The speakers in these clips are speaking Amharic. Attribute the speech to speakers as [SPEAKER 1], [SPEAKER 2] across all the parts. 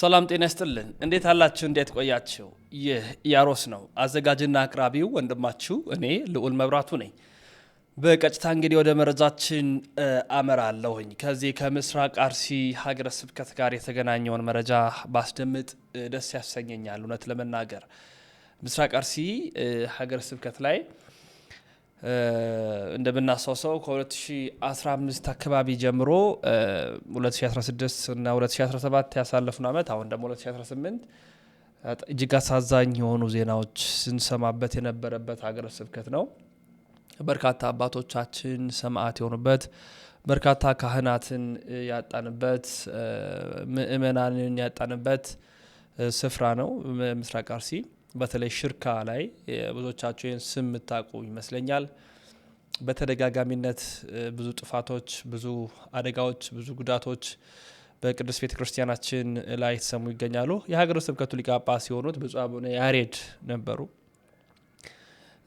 [SPEAKER 1] ሰላም ጤና ይስጥልን። እንዴት አላችሁ? እንዴት ቆያችሁ? ይህ ያሮስ ነው። አዘጋጅና አቅራቢው ወንድማችሁ እኔ ልዑል መብራቱ ነኝ። በቀጥታ እንግዲህ ወደ መረጃችን አመራለሁኝ። ከዚህ ከምስራቅ አርሲ ሀገረ ስብከት ጋር የተገናኘውን መረጃ ባስደምጥ ደስ ያሰኘኛል። እውነት ለመናገር ምስራቅ አርሲ ሀገረ ስብከት ላይ እንደምናስታውሰው ከ2015 አካባቢ ጀምሮ 2016 እና 2017 ያሳለፍነው ዓመት አሁን ደግሞ 2018 እጅግ አሳዛኝ የሆኑ ዜናዎች ስንሰማበት የነበረበት ሀገረ ስብከት ነው። በርካታ አባቶቻችን ሰማዕት የሆኑበት፣ በርካታ ካህናትን ያጣንበት፣ ምእመናንን ያጣንበት ስፍራ ነው ምስራቅ አርሲ። በተለይ ሽርካ ላይ ብዙዎቻቸው ይህን ስም የምታውቁ ይመስለኛል። በተደጋጋሚነት ብዙ ጥፋቶች፣ ብዙ አደጋዎች፣ ብዙ ጉዳቶች በቅዱስ ቤተ ክርስቲያናችን ላይ የተሰሙ ይገኛሉ። የሀገረ ስብከቱ ሊቀ ጳጳስ ሲሆኑት ብፁዕ አቡነ ያሬድ ነበሩ።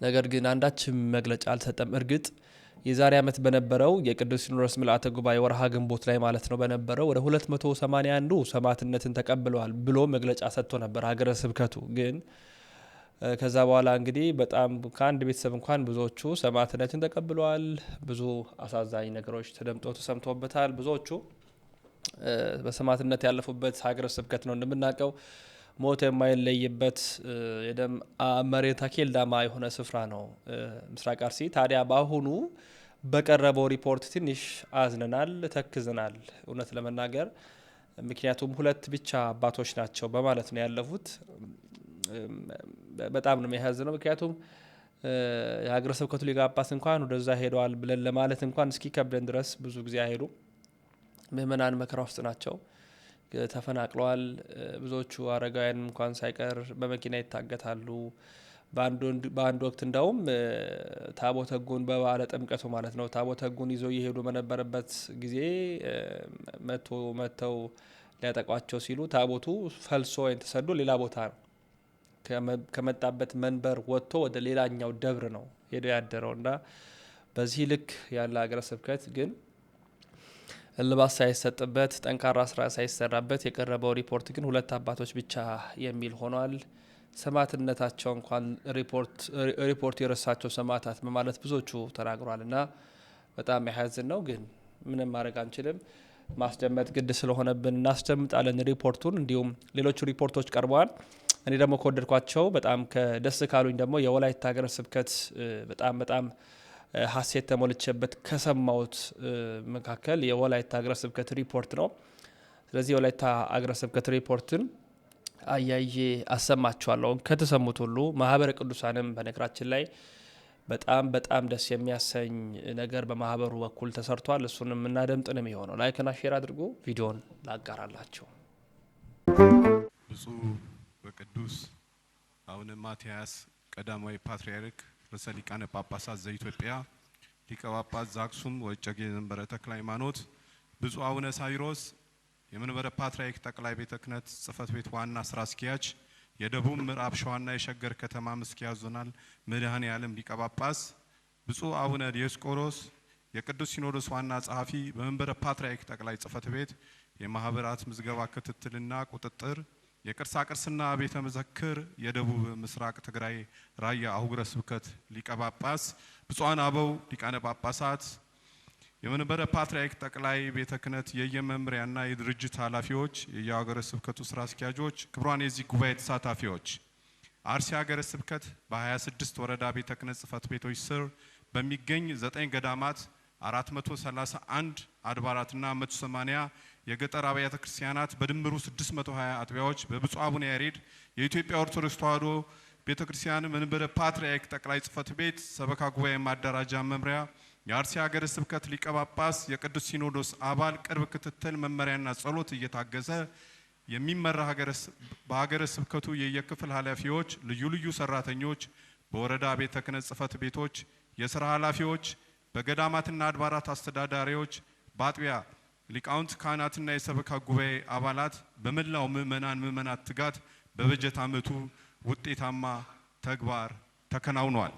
[SPEAKER 1] ነገር ግን አንዳችም መግለጫ አልሰጠም። እርግጥ የዛሬ ዓመት በነበረው የቅዱስ ሲኖዶስ ምልአተ ጉባኤ ወርሃ ግንቦት ላይ ማለት ነው በነበረው ወደ 281 ሰማዕትነትን ተቀብለዋል ብሎ መግለጫ ሰጥቶ ነበር ሀገረ ስብከቱ ግን ከዛ በኋላ እንግዲህ በጣም ከአንድ ቤተሰብ እንኳን ብዙዎቹ ሰማዕትነትን ተቀብለዋል። ብዙ አሳዛኝ ነገሮች ተደምጦ ተሰምቶበታል። ብዙዎቹ በሰማዕትነት ያለፉበት ሀገረ ስብከት ነው እንደምናውቀው ሞት የማይለይበት የደም መሬት አኬልዳማ የሆነ ስፍራ ነው ምስራቅ አርሲ። ታዲያ በአሁኑ በቀረበው ሪፖርት ትንሽ አዝነናል፣ ተክዝናል እውነት ለመናገር ምክንያቱም ሁለት ብቻ አባቶች ናቸው በማለት ነው ያለፉት በጣም ነው ነው። ምክንያቱም የሀገረ ስብከቱ ሊቀ ጳጳስ እንኳን ወደዛ ሄደዋል ብለን ለማለት እንኳን እስኪ ከብደን ድረስ ብዙ ጊዜ አይሄዱም። ምእመናን መከራ ውስጥ ናቸው፣ ተፈናቅለዋል። ብዙዎቹ አረጋውያን እንኳን ሳይቀር በመኪና ይታገታሉ። በአንድ ወቅት እንደውም ታቦተ ሕጉን ጥምቀቱ ማለት ነው ታቦተ ሕጉን ይዘው እየሄዱ በነበረበት ጊዜ መቶ መጥተው ሊያጠቋቸው ሲሉ ታቦቱ ፈልሶ ወይም ተሰዶ ሌላ ቦታ ነው ከመጣበት መንበር ወጥቶ ወደ ሌላኛው ደብር ነው ሄዶ ያደረው እና በዚህ ልክ ያለ ሀገረ ስብከት ግን እልባት ሳይሰጥበት ጠንካራ ስራ ሳይሰራበት የቀረበው ሪፖርት ግን ሁለት አባቶች ብቻ የሚል ሆኗል። ሰማዕትነታቸው እንኳን ሪፖርት የረሳቸው ሰማዕታት በማለት ብዙዎቹ ተናግሯል እና በጣም ያሐዝን ነው። ግን ምንም ማድረግ አንችልም። ማስደመጥ ግድ ስለሆነብን እናስደምጣለን ሪፖርቱን። እንዲሁም ሌሎቹ ሪፖርቶች ቀርበዋል። እኔ ደግሞ ከወደድኳቸው በጣም ከደስ ካሉኝ ደግሞ የወላይታ ሀገረ ስብከት በጣም በጣም ሀሴት ተሞልቼበት ከሰማሁት መካከል የወላይታ ሀገረ ስብከት ሪፖርት ነው። ስለዚህ የወላይታ ሀገረ ስብከት ሪፖርትን አያዬ አሰማችኋለሁ። ከተሰሙት ሁሉ ማህበረ ቅዱሳንም በነገራችን ላይ በጣም በጣም ደስ የሚያሰኝ ነገር በማህበሩ በኩል ተሰርቷል። እሱንም እናደምጥ ነው የሚሆነው። ላይክና ሼር አድርጎ ቪዲዮን ላጋራላቸው።
[SPEAKER 2] ቅዱስ አቡነ ማትያስ ቀዳማዊ ፓትርያርክ ርዕሰ ሊቃነ ጳጳሳት ዘኢትዮጵያ ሊቀ ጳጳስ ዘአክሱም ወእጨጌ ዘመንበረ ተክለ ሃይማኖት፣ ብፁዕ አቡነ ሳዊሮስ የመንበረ ፓትርያርክ ጠቅላይ ቤተ ክህነት ጽሕፈት ቤት ዋና ስራ አስኪያጅ፣ የደቡብ ምዕራብ ሸዋና የሸገር ከተማ ምስኪያ ዞናል መድኃኔ ዓለም ሊቀ ጳጳስ፣ ብፁዕ አቡነ ዲዮስቆሮስ የቅዱስ ሲኖዶስ ዋና ጸሐፊ በመንበረ ፓትርያርክ ጠቅላይ ጽሕፈት ቤት የማህበራት ምዝገባ ክትትልና ቁጥጥር የቅርሳ ቅርስና ቤተ መዘክር የደቡብ ምስራቅ ትግራይ ራያ አህጉረ ስብከት ሊቀ ጳጳስ ብፁዓን አበው ሊቃነ ጳጳሳት፣ የመንበረ ፓትርያርክ ጠቅላይ ቤተ ክህነት የየመምሪያና የድርጅት ኃላፊዎች፣ የየሀገረ ስብከቱ ስራ አስኪያጆች፣ ክቡራን የዚህ ጉባኤ ተሳታፊዎች አርሲ ሀገረ ስብከት በ26 ወረዳ ቤተ ክህነት ጽሕፈት ቤቶች ስር በሚገኝ ዘጠኝ ገዳማት 431 አድባራትና 180 የገጠር አብያተ ክርስቲያናት በድምሩ 620 አጥቢያዎች በብፁዕ አቡነ ያሬድ የኢትዮጵያ ኦርቶዶክስ ተዋሕዶ ቤተ ክርስቲያን መንበረ ፓትርያርክ ጠቅላይ ጽሕፈት ቤት ሰበካ ጉባኤ ማደራጃ መምሪያ የአርሲ ሀገረ ስብከት ሊቀ ጳጳስ የቅዱስ ሲኖዶስ አባል ቅርብ ክትትል መመሪያና ጸሎት እየታገዘ የሚመራ በሀገረ ስብከቱ የየክፍል ኃላፊዎች፣ ልዩ ልዩ ሰራተኞች፣ በወረዳ ቤተ ክህነት ጽሕፈት ቤቶች የስራ ኃላፊዎች፣ በገዳማትና አድባራት አስተዳዳሪዎች፣ በአጥቢያ ሊቃውንት ካህናትና የሰበካ ጉባኤ አባላት በመላው ምእመናን ምእመናት ትጋት በበጀት ዓመቱ ውጤታማ ተግባር ተከናውኗል።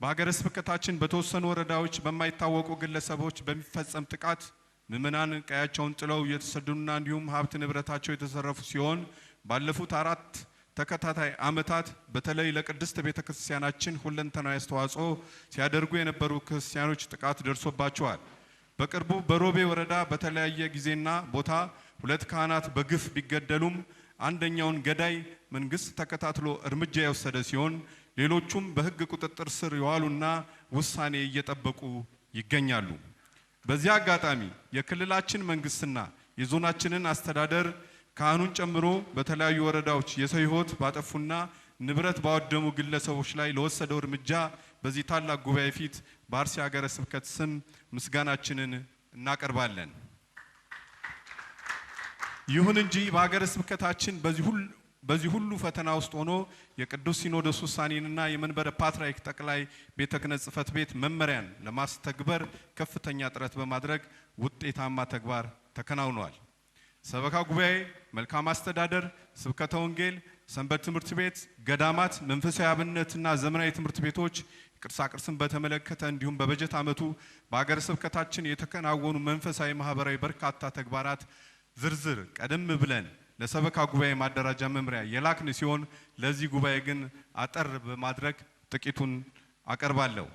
[SPEAKER 2] በሀገረ ስብከታችን በተወሰኑ ወረዳዎች በማይታወቁ ግለሰቦች በሚፈጸም ጥቃት ምእመናን ቀያቸውን ጥለው እየተሰደዱና እንዲሁም ሀብት ንብረታቸው የተዘረፉ ሲሆን ባለፉት አራት ተከታታይ ዓመታት በተለይ ለቅድስት ቤተ ክርስቲያናችን ሁለንተናዊ አስተዋጽኦ ሲያደርጉ የነበሩ ክርስቲያኖች ጥቃት ደርሶባቸዋል። በቅርቡ በሮቤ ወረዳ በተለያየ ጊዜና ቦታ ሁለት ካህናት በግፍ ቢገደሉም አንደኛውን ገዳይ መንግስት ተከታትሎ እርምጃ የወሰደ ሲሆን ሌሎቹም በህግ ቁጥጥር ስር የዋሉና ውሳኔ እየጠበቁ ይገኛሉ። በዚህ አጋጣሚ የክልላችን መንግስትና የዞናችንን አስተዳደር ካህኑን ጨምሮ በተለያዩ ወረዳዎች የሰው ህይወት ባጠፉና ንብረት ባወደሙ ግለሰቦች ላይ ለወሰደው እርምጃ በዚህ ታላቅ ጉባኤ ፊት በአርሲ ሀገረ ስብከት ስም ምስጋናችንን እናቀርባለን። ይሁን እንጂ በሀገረ ስብከታችን በዚህ ሁሉ ፈተና ውስጥ ሆኖ የቅዱስ ሲኖዶስ ውሳኔንና የመንበረ ፓትርያርክ ጠቅላይ ቤተ ክህነት ጽሕፈት ቤት መመሪያን ለማስተግበር ከፍተኛ ጥረት በማድረግ ውጤታማ ተግባር ተከናውኗል። ሰበካ ጉባኤ፣ መልካም አስተዳደር፣ ስብከተ ወንጌል፣ ሰንበት ትምህርት ቤት፣ ገዳማት፣ መንፈሳዊ አብነትና ዘመናዊ ትምህርት ቤቶች ቅርሳቅርስን በተመለከተ እንዲሁም በበጀት ዓመቱ በአገር ስብከታችን የተከናወኑ መንፈሳዊ፣ ማህበራዊ በርካታ ተግባራት ዝርዝር ቀደም ብለን ለሰበካ ጉባኤ ማደራጃ መምሪያ የላክን ሲሆን ለዚህ ጉባኤ ግን አጠር በማድረግ ጥቂቱን አቀርባለሁ።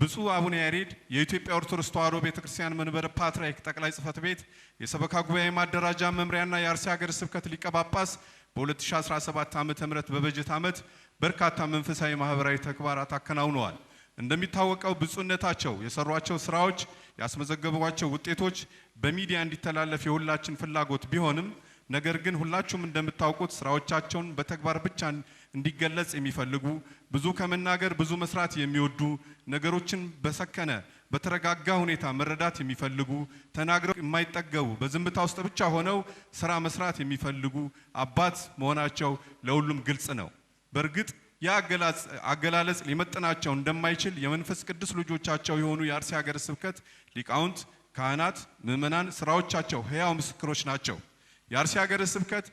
[SPEAKER 2] ብፁዕ አቡነ ያሬድ የኢትዮጵያ ኦርቶዶክስ ተዋሕዶ ቤተክርስቲያን መንበረ ፓትርያርክ ጠቅላይ ጽሕፈት ቤት የሰበካ ጉባኤ ማደራጃ መምሪያና የአርሲ ሀገረ ስብከት ሊቀ ጳጳስ በ2017 ም በበጀት ዓመት በርካታ መንፈሳዊ ማህበራዊ ተግባራት አከናውነዋል። እንደሚታወቀው ብፁዕነታቸው የሰሯቸው ስራዎች፣ ያስመዘገቧቸው ውጤቶች በሚዲያ እንዲተላለፍ የሁላችን ፍላጎት ቢሆንም ነገር ግን ሁላችሁም እንደምታውቁት ስራዎቻቸውን በተግባር ብቻ እንዲገለጽ የሚፈልጉ ብዙ ከመናገር ብዙ መስራት የሚወዱ ነገሮችን በሰከነ በተረጋጋ ሁኔታ መረዳት የሚፈልጉ ተናግረው የማይጠገቡ በዝምታ ውስጥ ብቻ ሆነው ስራ መስራት የሚፈልጉ አባት መሆናቸው ለሁሉም ግልጽ ነው። በእርግጥ ያ አገላለጽ ሊመጥናቸው እንደማይችል የመንፈስ ቅዱስ ልጆቻቸው የሆኑ የአርሲ ሀገረ ስብከት ሊቃውንት፣ ካህናት፣ ምእመናን ስራዎቻቸው ሕያው ምስክሮች ናቸው። የአርሲ ሀገረ ስብከት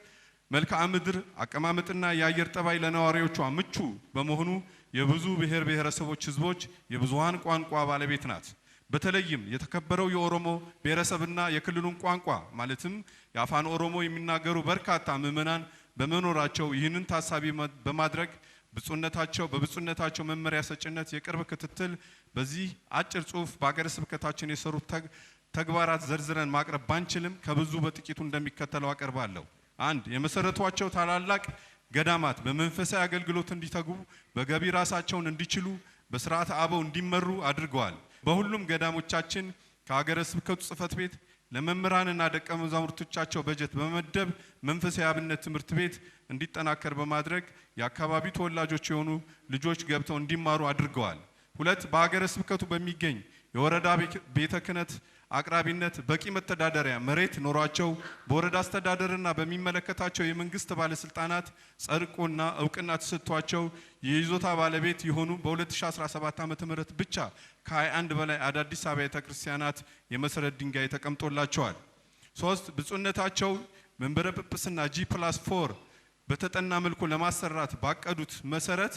[SPEAKER 2] መልክዓ ምድር አቀማመጥና የአየር ጠባይ ለነዋሪዎቿ ምቹ በመሆኑ የብዙ ብሔር ብሔረሰቦች ህዝቦች የብዙሃን ቋንቋ ባለቤት ናት። በተለይም የተከበረው የኦሮሞ ብሔረሰብና የክልሉን ቋንቋ ማለትም የአፋን ኦሮሞ የሚናገሩ በርካታ ምእመናን በመኖራቸው ይህንን ታሳቢ በማድረግ ብፁነታቸው በብፁነታቸው መመሪያ ሰጭነት የቅርብ ክትትል በዚህ አጭር ጽሁፍ በሀገረ ስብከታችን የሰሩት ተግባራት ዘርዝረን ማቅረብ ባንችልም ከብዙ በጥቂቱ እንደሚከተለው አቀርባለሁ። አንድ የመሰረቷቸው ታላላቅ ገዳማት በመንፈሳዊ አገልግሎት እንዲተጉ በገቢ ራሳቸውን እንዲችሉ በስርዓተ አበው እንዲመሩ አድርገዋል። በሁሉም ገዳሞቻችን ከሀገረ ስብከቱ ጽሕፈት ቤት ለመምህራንና ደቀ መዛሙርቶቻቸው በጀት በመመደብ መንፈሳዊ አብነት ትምህርት ቤት እንዲጠናከር በማድረግ የአካባቢው ተወላጆች የሆኑ ልጆች ገብተው እንዲማሩ አድርገዋል። ሁለት በሀገረ ስብከቱ በሚገኝ የወረዳ ቤተ ክህነት አቅራቢነት በቂ መተዳደሪያ መሬት ኖሯቸው በወረዳ አስተዳደርና በሚመለከታቸው የመንግስት ባለስልጣናት ጸድቆና እውቅና ተሰጥቷቸው የይዞታ ባለቤት የሆኑ በ2017 ዓ ም ብቻ ከ21 በላይ አዳዲስ አብያተ ክርስቲያናት የመሰረት ድንጋይ ተቀምጦላቸዋል። ሶስት ብፁዕነታቸው መንበረ ጵጵስና ጂ ፕላስ ፎር በተጠና መልኩ ለማሰራት ባቀዱት መሰረት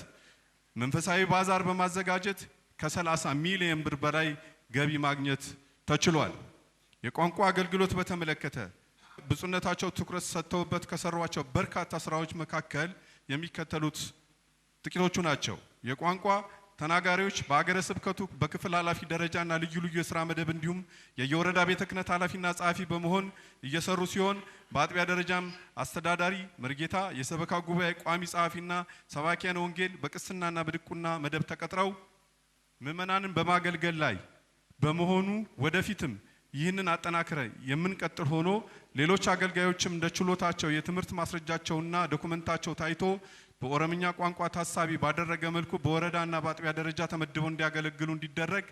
[SPEAKER 2] መንፈሳዊ ባዛር በማዘጋጀት ከ30 ሚሊዮን ብር በላይ ገቢ ማግኘት ተችሏል። የቋንቋ አገልግሎት በተመለከተ ብፁዕነታቸው ትኩረት ሰጥተውበት ከሰሯቸው በርካታ ስራዎች መካከል የሚከተሉት ጥቂቶቹ ናቸው። የቋንቋ ተናጋሪዎች በአገረ ስብከቱ በክፍል ኃላፊ ደረጃና ልዩ ልዩ የስራ መደብ እንዲሁም የየወረዳ ቤተ ክህነት ኃላፊና ጸሐፊ በመሆን እየሰሩ ሲሆን በአጥቢያ ደረጃም አስተዳዳሪ መርጌታ፣ የሰበካ ጉባኤ ቋሚ ጸሐፊና ሰባኪያን ወንጌል በቅስናና በድቁና መደብ ተቀጥረው ምእመናንን በማገልገል ላይ በመሆኑ ወደፊትም ይህንን አጠናክረ የምንቀጥል ሆኖ ሌሎች አገልጋዮችም እንደ ችሎታቸው የትምህርት ማስረጃቸውና ዶኩመንታቸው ታይቶ በኦሮምኛ ቋንቋ ታሳቢ ባደረገ መልኩ በወረዳና በአጥቢያ ደረጃ ተመድበው እንዲያገለግሉ እንዲደረግ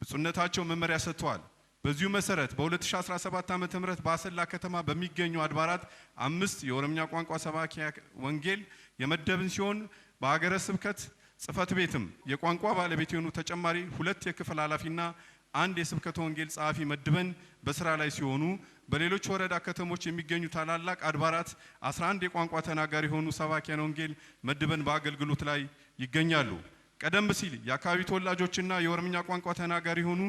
[SPEAKER 2] ብፁዕነታቸው መመሪያ ሰጥተዋል። በዚሁ መሰረት በ2017 ዓ ም በአሰላ ከተማ በሚገኙ አድባራት አምስት የኦሮምኛ ቋንቋ ሰባኪ ወንጌል የመደብን ሲሆን በሀገረ ስብከት ጽፈት ቤትም የቋንቋ ባለቤት የሆኑ ተጨማሪ ሁለት የክፍል ኃላፊና አንድ የስብከተ ወንጌል ጸሐፊ መድበን በስራ ላይ ሲሆኑ በሌሎች ወረዳ ከተሞች የሚገኙ ታላላቅ አድባራት 11 የቋንቋ ተናጋሪ የሆኑ ሰባኪያን ወንጌል መድበን በአገልግሎት ላይ ይገኛሉ። ቀደም ሲል የአካባቢ ተወላጆችና የኦሮምኛ ቋንቋ ተናጋሪ የሆኑ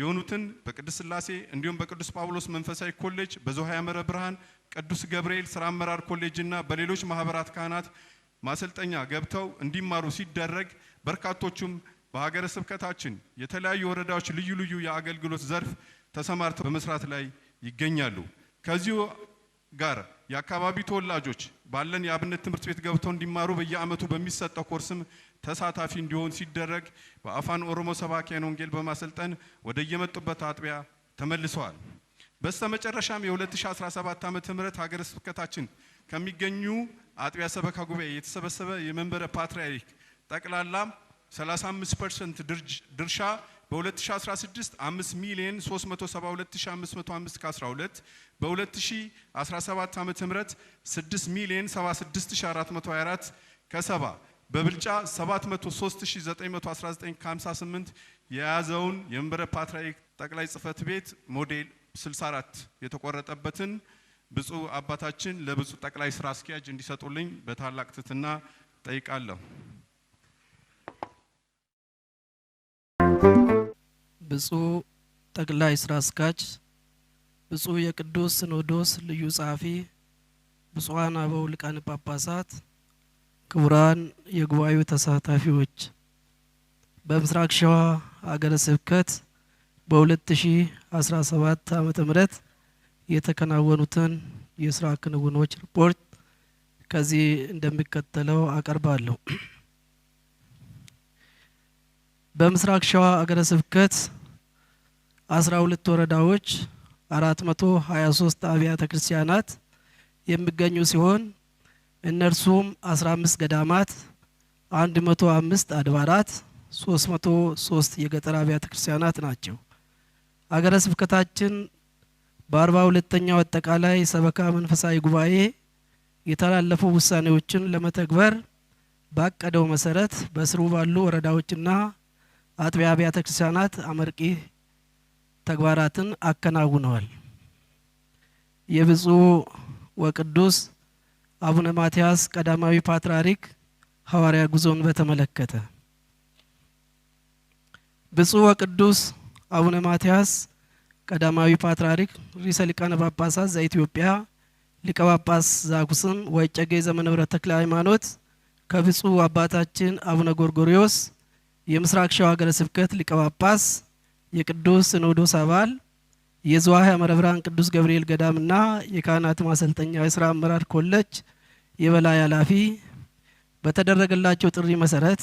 [SPEAKER 2] የሆኑትን በቅዱስ ስላሴ እንዲሁም በቅዱስ ጳውሎስ መንፈሳዊ ኮሌጅ በዞሃ ያመረ ብርሃን ቅዱስ ገብርኤል ስራ አመራር ኮሌጅና በሌሎች ማህበራት ካህናት ማሰልጠኛ ገብተው እንዲማሩ ሲደረግ በርካቶቹም በሀገረ ስብከታችን የተለያዩ ወረዳዎች ልዩ ልዩ የአገልግሎት ዘርፍ ተሰማርተው በመስራት ላይ ይገኛሉ። ከዚሁ ጋር የአካባቢ ተወላጆች ባለን የአብነት ትምህርት ቤት ገብተው እንዲማሩ በየዓመቱ በሚሰጠው ኮርስም ተሳታፊ እንዲሆን ሲደረግ በአፋን ኦሮሞ ሰባኪያን ወንጌል በማሰልጠን ወደ የመጡበት አጥቢያ ተመልሰዋል። በስተመጨረሻም የ2017 ዓ ም ሀገረ ስብከታችን ከሚገኙ አጥቢያ ሰበካ ጉባኤ የተሰበሰበ የመንበረ ፓትርያርክ ጠቅላላ 35% ድርሻ በ2016 5 ሚሊዮን 372505 ከ12 በ2017 ዓ.ም 6 ሚሊዮን 76424 ከ7 በብልጫ 703919 ከ58 የያዘውን የመንበረ ፓትርያርክ ጠቅላይ ጽሕፈት ቤት ሞዴል 64 የተቆረጠበትን ብፁዕ አባታችን ለብፁዕ ጠቅላይ ስራ አስኪያጅ እንዲሰጡልኝ በታላቅ ትሕትና ጠይቃለሁ።
[SPEAKER 3] ብፁዕ ጠቅላይ ስራ አስኪያጅ፣ ብፁዕ የቅዱስ ሲኖዶስ ልዩ ጸሐፊ፣ ብፁዓን አበው ሊቃነ ጳጳሳት፣ ክቡራን የጉባኤው ተሳታፊዎች በምስራቅ ሸዋ ሀገረ ስብከት በ2017 ዓ ም የተከናወኑትን የስራ ክንውኖች ሪፖርት ከዚህ እንደሚከተለው አቀርባለሁ። በምስራቅ ሸዋ አገረ ስብከት አስራ ሁለት ወረዳዎች አራት መቶ ሀያ ሶስት አብያተ ክርስቲያናት የሚገኙ ሲሆን እነርሱም አስራ አምስት ገዳማት፣ አንድ መቶ አምስት አድባራት፣ ሶስት መቶ ሶስት የገጠር አብያተ ክርስቲያናት ናቸው። አገረ ስብከታችን በአርባ ሁለተኛው አጠቃላይ ሰበካ መንፈሳዊ ጉባኤ የተላለፉ ውሳኔዎችን ለመተግበር ባቀደው መሰረት በስሩ ባሉ ወረዳዎችና አጥቢያ አብያተ ክርስቲያናት አመርቂ ተግባራትን አከናውነዋል። የብፁዕ ወቅዱስ አቡነ ማትያስ ቀዳማዊ ፓትርያርክ ሐዋርያ ጉዞን በተመለከተ ብፁዕ ወቅዱስ አቡነ ማትያስ ቀዳማዊ ፓትርያርክ ርዕሰ ሊቃነ ጳጳሳት ዘኢትዮጵያ ሊቀ ጳጳስ ዘአክሱም ወእጨጌ ዘመንበረ ተክለ ሃይማኖት ከብፁዕ አባታችን አቡነ ጎርጎሪዮስ የምስራቅ ሸዋ ሀገረ ስብከት ሊቀ ጳጳስ የቅዱስ ሲኖዶስ አባል የዝዋይ ሐመረ ብርሃን ቅዱስ ገብርኤል ገዳምና የካህናት ማሰልጠኛ የስራ አመራር ኮሌጅ የበላይ ኃላፊ በተደረገላቸው ጥሪ መሰረት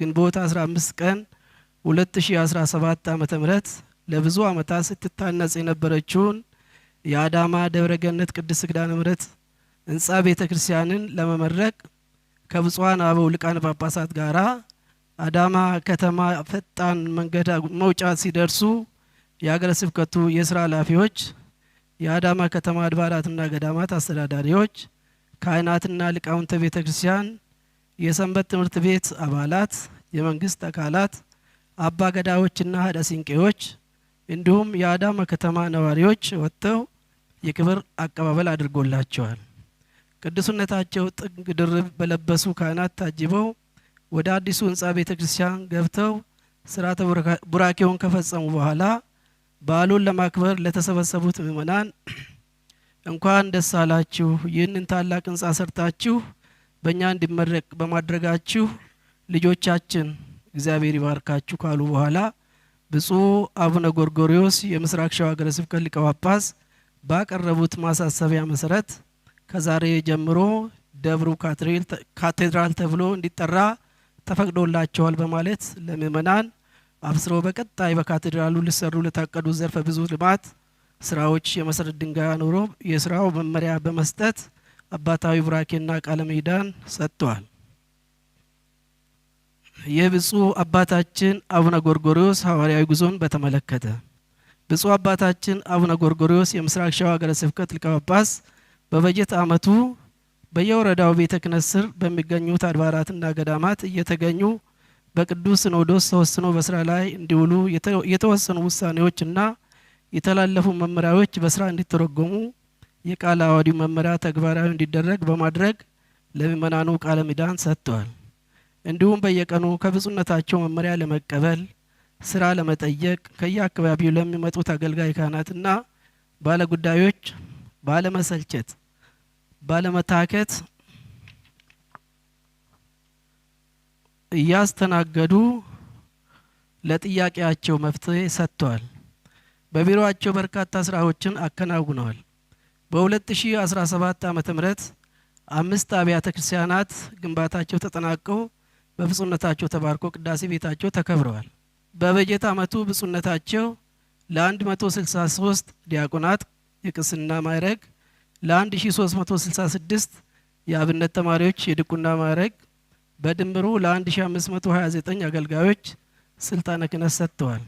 [SPEAKER 3] ግንቦት 15 ቀን 2017 ዓ.ም ለብዙ ዓመታት ስትታነጽ የነበረችውን የአዳማ ደብረገነት ቅድስት ኪዳነ ምሕረት ህንጻ ቤተ ክርስቲያንን ለመመረቅ ከብፁዓን አበው ሊቃነ ጳጳሳት ጋራ አዳማ ከተማ ፈጣን መንገድ መውጫ ሲደርሱ የሀገረ ስብከቱ የስራ ኃላፊዎች፣ የአዳማ ከተማ አድባራትና ገዳማት አስተዳዳሪዎች፣ ካህናትና ሊቃውንተ ቤተ ክርስቲያን፣ የሰንበት ትምህርት ቤት አባላት፣ የመንግስት አካላት፣ አባ ገዳዎችና ሀደ ሲንቄዎች እንዲሁም የአዳማ ከተማ ነዋሪዎች ወጥተው የክብር አቀባበል አድርጎላቸዋል። ቅዱስነታቸው ጥግ ድርብ በለበሱ ካህናት ታጅበው ወደ አዲሱ ህንፃ ቤተ ክርስቲያን ገብተው ስርዓተ ቡራኬውን ከፈጸሙ በኋላ በዓሉን ለማክበር ለተሰበሰቡት ምእመናን እንኳን ደስ አላችሁ፣ ይህንን ታላቅ ህንፃ ሰርታችሁ በእኛ እንዲመረቅ በማድረጋችሁ ልጆቻችን እግዚአብሔር ይባርካችሁ ካሉ በኋላ ብፁዕ አቡነ ጎርጎሪዎስ የምስራቅ ሸዋ ሀገረ ስብከት ሊቀ ጳጳስ ባቀረቡት ማሳሰቢያ መሰረት ከዛሬ ጀምሮ ደብሩ ካቴድራል ተብሎ እንዲጠራ ተፈቅዶላቸዋል በማለት ለምእመናን አብስረው በቀጣይ በካቴድራሉ ሊሰሩ ለታቀዱ ዘርፈ ብዙ ልማት ስራዎች የመሰረት ድንጋይ አኑሮ የስራው መመሪያ በመስጠት አባታዊ ቡራኬና ቃለ ምዕዳን ሰጥተዋል። የብፁዕ አባታችን አቡነ ጎርጎሪዎስ ሐዋርያዊ ጉዞን በተመለከተ ብፁዕ አባታችን አቡነ ጎርጎሪዎስ የምስራቅ ሸዋ ሀገረ ስብከት ሊቀ ጳጳስ በበጀት ዓመቱ በየወረዳው ቤተ ክህነት ስር በሚገኙት አድባራትና ገዳማት እየተገኙ በቅዱስ ሲኖዶስ ተወስኖ በስራ ላይ እንዲውሉ የተወሰኑ ውሳኔዎችና የተላለፉ መመሪያዎች በስራ እንዲተረጎሙ የቃለ ዓዋዲው መመሪያ ተግባራዊ እንዲደረግ በማድረግ ለምእመናኑ ቃለ ምዕዳን ሰጥተዋል። እንዲሁም በየቀኑ ከብፁዕነታቸው መመሪያ ለመቀበል ስራ ለመጠየቅ ከየአካባቢው ለሚመጡት አገልጋይ ካህናትና ባለጉዳዮች ባለመሰልቸት ባለመታከት እያስተናገዱ ለጥያቄያቸው መፍትሄ ሰጥተዋል። በቢሮአቸው በርካታ ስራዎችን አከናውነዋል። በ2017 ዓ ም አምስት አብያተ ክርስቲያናት ግንባታቸው ተጠናቀው በብፁነታቸው ተባርኮ ቅዳሴ ቤታቸው ተከብረዋል። በበጀት ዓመቱ ብፁነታቸው ለ163 ዲያቆናት የቅስና ማዕረግ ለ1366 የአብነት ተማሪዎች የድቁና ማዕረግ በድምሩ ለ1529 አገልጋዮች ስልጣነ ክህነት ሰጥተዋል።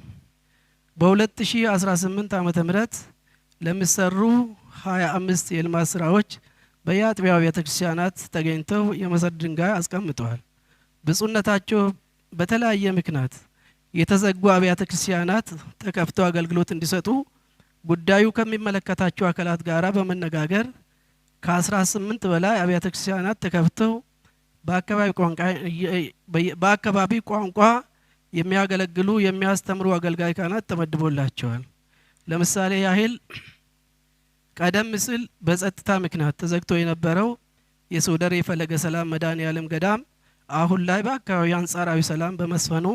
[SPEAKER 3] በ2018 ዓ ም ለሚሰሩ 25 የልማት ስራዎች በየአጥቢያው ቤተ ክርስቲያናት ተገኝተው የመሰረት ድንጋይ አስቀምጠዋል። ብፁዕነታቸው በተለያየ ምክንያት የተዘጉ አብያተ ክርስቲያናት ተከፍተው አገልግሎት እንዲሰጡ ጉዳዩ ከሚመለከታቸው አካላት ጋር በመነጋገር ከ18 በላይ አብያተ ክርስቲያናት ተከፍተው በአካባቢ ቋንቋ የሚያገለግሉ የሚያስተምሩ አገልጋይ ካህናት ተመድቦላቸዋል። ለምሳሌ ያህል ቀደም ሲል በጸጥታ ምክንያት ተዘግቶ የነበረው የሶደር የፈለገ ሰላም መድኃኔዓለም ገዳም አሁን ላይ በአካባቢው አንጻራዊ ሰላም በመስፈኑ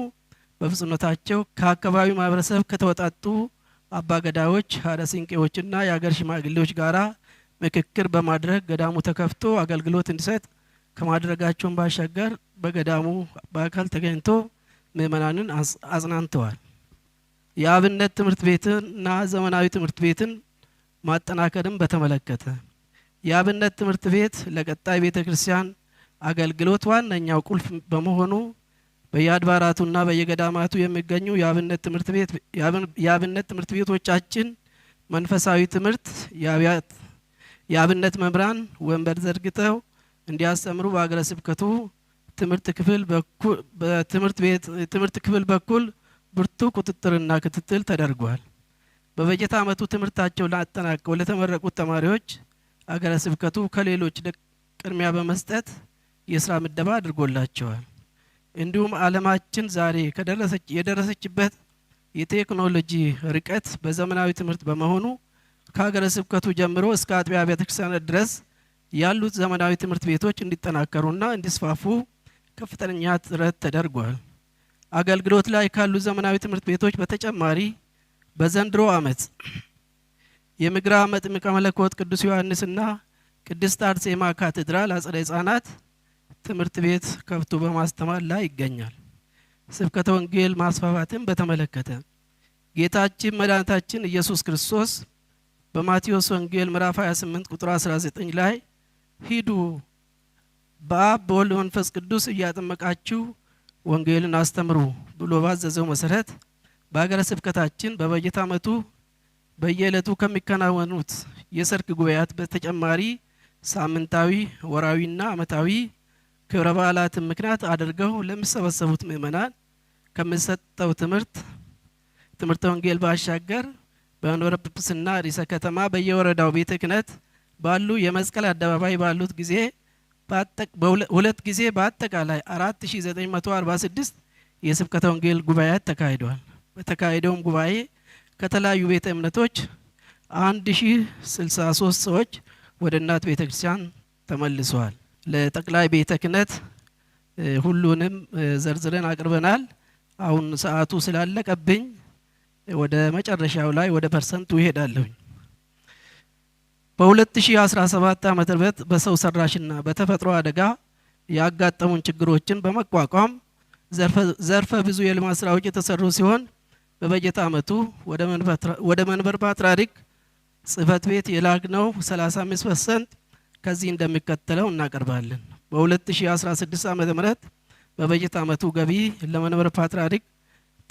[SPEAKER 3] በፍጹምነታቸው ከአካባቢው ማህበረሰብ ከተወጣጡ አባገዳዎች ሀረ ሲንቄዎችና የአገር ሽማግሌዎች ጋራ ምክክር በማድረግ ገዳሙ ተከፍቶ አገልግሎት እንዲሰጥ ከማድረጋቸውን ባሻገር በገዳሙ በአካል ተገኝቶ ምእመናንን አጽናንተዋል። የአብነት ትምህርት ቤትንና ዘመናዊ ትምህርት ቤትን ማጠናከርም በተመለከተ የአብነት ትምህርት ቤት ለቀጣይ ቤተ ክርስቲያን አገልግሎት ዋነኛው ቁልፍ በመሆኑ በየአድባራቱና በየገዳማቱ የሚገኙ የአብነት ትምህርት ቤት የአብነት ትምህርት ቤቶቻችን መንፈሳዊ ትምህርት የአብነት መምህራን ወንበር ዘርግተው እንዲያስተምሩ በሀገረ ስብከቱ ትምህርት ክፍል በትምህርት ቤት ትምህርት ክፍል በኩል ብርቱ ቁጥጥርና ክትትል ተደርጓል። በበጀት ዓመቱ ትምህርታቸውን አጠናቀው ለተመረቁት ተማሪዎች አገረ ስብከቱ ከሌሎች ቅድሚያ በመስጠት የስራ ምደባ አድርጎላቸዋል። እንዲሁም አለማችን ዛሬ የደረሰችበት የቴክኖሎጂ ርቀት በዘመናዊ ትምህርት በመሆኑ ከሀገረ ስብከቱ ጀምሮ እስከ አጥቢያ ቤተ ድረስ ያሉት ዘመናዊ ትምህርት ቤቶች እንዲጠናከሩና እንዲስፋፉ ከፍተኛ ጥረት ተደርጓል። አገልግሎት ላይ ካሉ ዘመናዊ ትምህርት ቤቶች በተጨማሪ በዘንድሮ ዓመት የምግራ መጥምቀ መለኮት ቅዱስ ዮሐንስና ቅድስት አርሴማ ካቴድራል አጸደ ህጻናት ትምህርት ቤት ከብቱ በማስተማር ላይ ይገኛል። ስብከተ ወንጌል ማስፋፋትን በተመለከተ ጌታችን መድኃኒታችን ኢየሱስ ክርስቶስ በማቴዎስ ወንጌል ምዕራፍ 28 ቁጥር 19 ላይ ሂዱ በአብ በወልድ በመንፈስ ቅዱስ እያጠመቃችሁ ወንጌልን አስተምሩ ብሎ ባዘዘው መሰረት በሀገረ ስብከታችን በበጀት ዓመቱ በየዕለቱ ከሚከናወኑት የሰርክ ጉባኤያት በተጨማሪ ሳምንታዊ፣ ወራዊና አመታዊ። ክብረ በዓላትን ምክንያት አድርገው ለሚሰበሰቡት ምእመናን ከምሰጠው ትምህርት ትምህርተ ወንጌል ባሻገር በመንበረ ጵጵስና ርዕሰ ከተማ በየወረዳው ቤተ ክህነት ባሉ የመስቀል አደባባይ ባሉት ጊዜ ሁለት ጊዜ በአጠቃላይ 4946 የስብከተ ወንጌል ጉባኤያት ተካሂደዋል። በተካሄደውም ጉባኤ ከተለያዩ ቤተ እምነቶች 1063 ሰዎች ወደ እናት ቤተ ክርስቲያን ተመልሰዋል። ለጠቅላይ ቤተ ክህነት ሁሉንም ዘርዝረን አቅርበናል። አሁን ሰዓቱ ስላለቀብኝ ወደ መጨረሻው ላይ ወደ ፐርሰንቱ ይሄዳለሁኝ። በ2017 ዓ.ም በሰው ሰራሽና በተፈጥሮ አደጋ ያጋጠሙን ችግሮችን በመቋቋም ዘርፈ ብዙ የልማት ስራዎች የተሰሩ ሲሆን በበጀት ዓመቱ ወደ መንበር ፓትርያርክ ጽህፈት ቤት የላክነው 35 ፐርሰንት ከዚህ እንደሚከተለው እናቀርባለን። በ2016 ዓ ም በበጀት ዓመቱ ገቢ ለመንበር ፓትርያርክ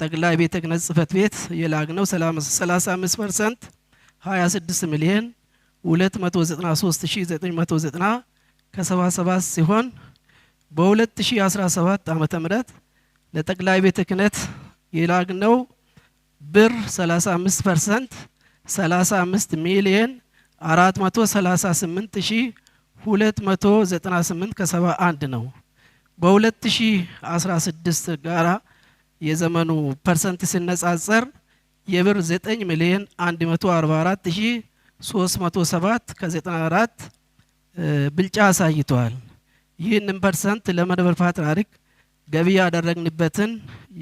[SPEAKER 3] ጠቅላይ ቤተ ክህነት ጽሕፈት ቤት የላግነው 35 ፐርሰንት 26 ሚሊዮን 293990 ከ77 ሲሆን በ2017 ዓ ምህረት ለጠቅላይ ቤተ ክህነት የላግነው ብር 35 ፐርሰንት 35 ሚሊዮን አራት መቶ ሰላሳ ነው። በሁለት ሺ ጋራ የዘመኑ ፐርሰንት ሲነጻጸር የብር ዘጠኝ ሚሊዮን አንድ ሺ ብልጫ አሳይቷል። ይህንን ፐርሰንት ለመንበር ፓትርያርክ ገቢ ያደረግንበትን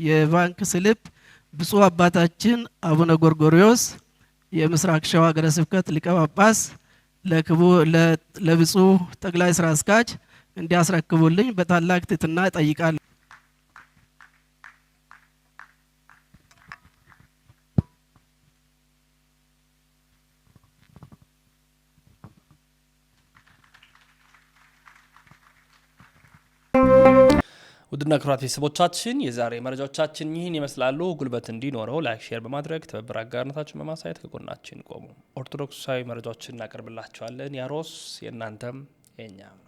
[SPEAKER 3] የባንክ ስልፕ ብፁዕ አባታችን አቡነ ጎርጎሪዎስ የምስራቅ ሸዋ ሀገረ ስብከት ሊቀ ጳጳስ ለብፁዕ ጠቅላይ ስራ አስኪያጅ እንዲያስረክቡልኝ በታላቅ ትሕትና እጠይቃለሁ።
[SPEAKER 1] ውድና ክብራት ቤተሰቦቻችን የዛሬ መረጃዎቻችን ይህን ይመስላሉ። ጉልበት እንዲኖረው ላይክ፣ ሼር በማድረግ ትብብር አጋርነታችን በማሳየት ከጎናችን ቆሙ። ኦርቶዶክሳዊ መረጃዎችን እናቀርብላቸዋለን። ያሮስ የእናንተም የኛም